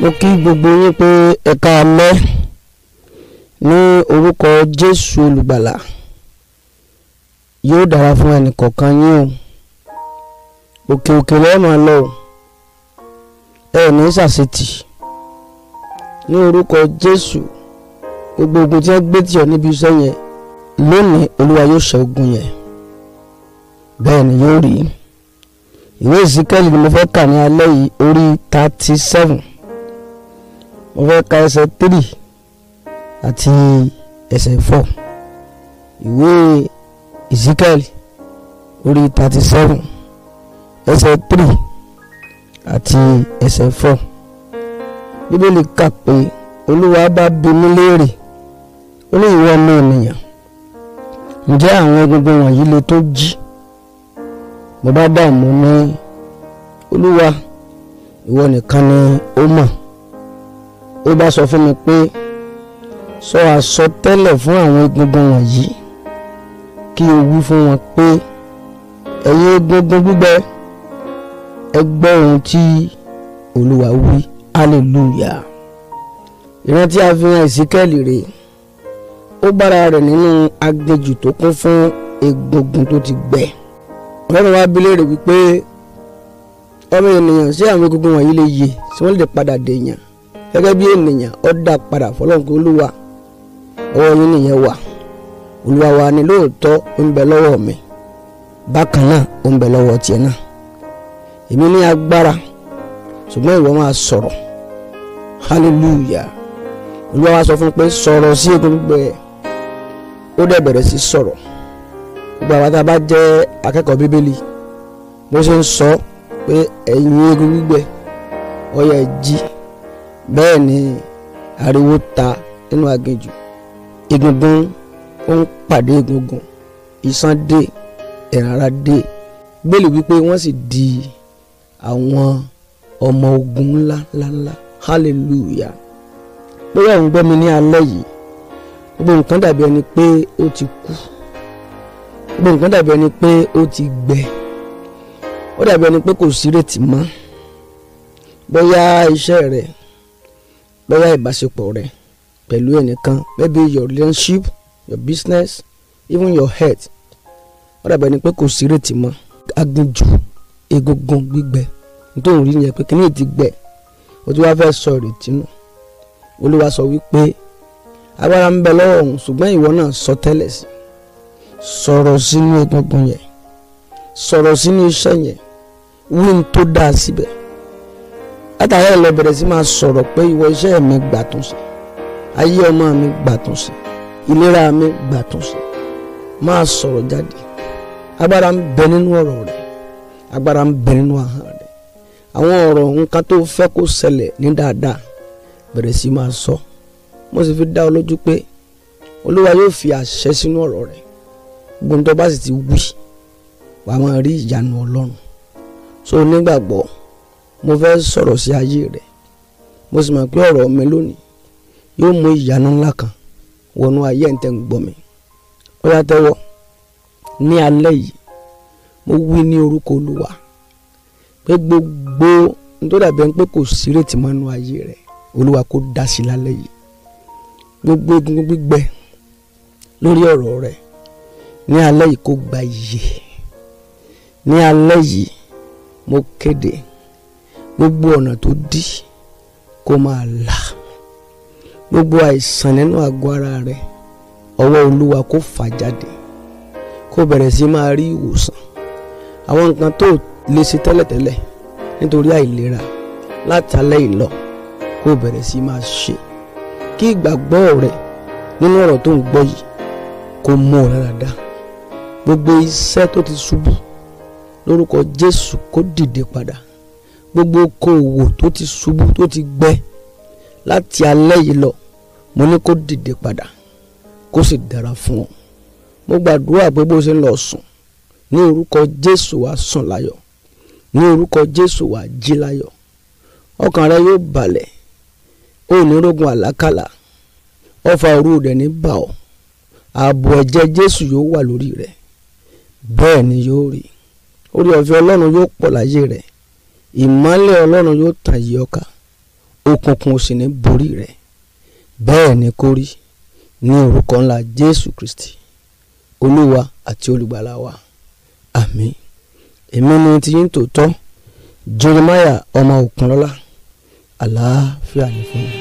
mo kí gbogbo yín pé ẹ káalẹ́ ní orúkọ jésù olùgbàlà yóò dára fún ẹnì kọ̀ọ̀kan yín o òkè òkè lẹ́ẹ̀ lọ o ẹ ní ṣàṣetì ní orúkọ jésù gbogbo ogun tí wọ́n gbé tìọ́ níbi iṣẹ́ yẹn lónìí olúwa yóò ṣe ogun yẹn bẹ́ẹ̀ ni yóò rí ìwé ìsíkẹ́lì ni mo fẹ́ kà ní alẹ́ yìí orí thirty seven mo fẹ́ ka ẹsẹ̀ three àti ẹsẹ̀ four ìwé ezekiel orí thirty seven ẹsẹ̀ three àti ẹsẹ̀ four bíbélì kà pé olúwa bá bi mí léèrè ó ní ìwọ ọmọ ènìyàn ǹjẹ́ àwọn egungun wọ̀nyí lè tó jí mo bá dáhùn mọ́ ní olúwa ìwọ nìkan ni ó mọ̀ ó bá sọ fún mi pé sọ àsọtẹ́lẹ̀ fún àwọn egungun wọ̀nyí kí o wí fún wọn pé ẹ̀yin egungun gbígbẹ ẹ gbọ́ ohun tí olúwa wí hallelujah ìrántí àfihàn ìsíkẹ́lì rèé ó bára rẹ̀ nínú aginjù tó kún fún egungun tó ti gbẹ ọlọ́run wá bi léèrè wípé ọmọ ènìyàn sí àwọn egungun wọ̀nyí lè yè tí wọ́n lè padà dèèyàn gẹ́gẹ́ bí ènìyàn ó dá padà fọlọ́run pé olúwa ọwọ́ yín nìyẹn wà olúwa wa ni lóòótọ́ ó ń bẹ lọ́wọ́ mi bákan náà ó ń bẹ lọ́wọ́ tiẹ̀ náà èmi ní agbára ṣùgbọ́n ìwọ máa sọ̀rọ̀ hallelujah olúwa wa sọ fún pé sọ̀rọ̀ sí egun gbígbẹ ó dẹ̀ bẹ̀rẹ̀ sí sọ̀rọ̀ gbogbo àwọn tá a bá jẹ́ akẹ́kọ̀ọ́ bíbélì bó ṣe ń sọ pé ẹ̀yin egun gbígbẹ ó yẹ jí bẹ́ẹ̀ ni ariwo ta nínú aginjù egungun ó ń pàdé egungun iṣan dé ìrara dé gbèlè wípé wọ́n sì di àwọn ọmọ ogun ńlá ńláńlá hallelujah bóyá òun gbọ́ mi ní alẹ́ yìí gbogbo nǹkan dàbí ẹni pé ó ti kú gbogbo nǹkan dàbí ẹni pé ó ti gbẹ ó dàbí ẹni pé kò sí ìrètí mọ́ bóyá iṣẹ́ rẹ̀ bóyá ìbáṣepọ̀ rẹ pẹ̀lú ẹnìkan maybe your relationship your business even your health ó dàbẹ̀ ni pé kò sí ìrètí mọ́ aginjù egungun gbígbẹ nítorí rí yẹn pé kíní ti gbẹ o ti wá fẹ́ sọ ìrètí nù olúwa sọ wípé agbára ń bẹ lọ́wọ́ òun ṣùgbọ́n ìwọ náà sọ tẹ́lẹ̀ sí sọ̀rọ̀ sínú egungun yẹn sọ̀rọ̀ sínú iṣẹ́ yẹn wí ní tó dáa síbẹ̀ látàrí ẹ̀ lọ bẹ̀rẹ̀ sí máa sọ̀rọ̀ pé ìwọ iṣẹ́ mi gbà tún sí ayé ọmọ mi gbà tún sí ìlera mi gbà tún sí máa sọ̀rọ̀ jáde agbára ń bẹ nínú ọ̀rọ̀ rẹ agbára ń bẹ nínú ahọ́n rẹ àwọn ọ̀rọ̀ nǹkan tó fẹ́ kó ṣẹlẹ̀ ní dáadáa bẹ̀rẹ̀ sí máa sọ mo sì fi dá ọ lójú pé olúwa yóò fi àṣẹ sínú ọ̀rọ̀ rẹ gbóńtọ́ bá sì ti wí wàá máa rí ìyanu ọlọ́run so nígbàgbọ́ mo fẹ́ sọ̀rọ̀ sí ayé rẹ̀ mo sì mọ̀ pé ọ̀rọ̀ mi lónìí yóò mú ìyanu ńlá kan wọnú ayé ẹ̀ ń tẹ́ ń gbọ́ mi ó yá tẹ́wọ́ ní alẹ́ yìí mo wí ní orúkọ olúwa pé gbogbo nítorí àbẹ̀ ń pé kò sírètí mọ́nú ayé rẹ̀ olúwa kó dá sí lálẹ́ yìí gbogbo egungun gbígbẹ lórí ọ̀rọ̀ rẹ̀ ní alẹ́ yìí kó gba iyè ní alẹ́ yìí mo kéde gbogbo ọ̀nà tó dí kó máa là gbogbo àìsàn nínú àgọ́ ara rẹ ọwọ́ olúwa kó fà jáde kó bẹ̀rẹ̀ sí máa rí ìwòsàn àwọn nǹkan tó lè ṣe tẹ́lẹ̀tẹ́lẹ̀ nítorí àìlera látàlẹ́ ìlọ kó bẹ̀rẹ̀ sí máa ṣe kí ìgbàgbọ́ rẹ nínú ọ̀rọ̀ tó ń gbọ́ yìí kó mọ́ ọ gbogbo iṣẹ́ tó ti ṣubú lórúkọ Jésù kó dìde padà gbogbo okòòwò tó ti ṣubú tó ti gbẹ láti alẹ́ yìí lọ mo ní kó dìde padà kó sì dára fún ọ mo gbàdúrà pé bó ṣe ń lọ sùn ní orúkọ jésù wàá sùn láyọ̀ ní orúkọ jésù wàá jí láyọ̀ ọkàn rẹ yóò balẹ̀ ó ní rógun àlákàlà ọfà òru rẹ ní bà ọ́ ààbò ẹ̀jẹ̀ jésù yóò wà lórí rẹ bẹ́ẹ̀ ni yóò rí orí ọ̀fẹ́ ọlọ́run yóò pọ̀ láyé rẹ̀ ìmọ́lẹ̀ ọlọ́run yóò tàn yí ọkà òkùnkùn sì ní borí rẹ̀ bẹ́ẹ̀ ni kó rí ní orúkọ ńlá jésù kristi olúwa àti olùgbàlà wa àmín èmi ni ti yín tòótọ́ jeremiah ọmọ òkunlọ́lá àlàáfíà ni fún mi.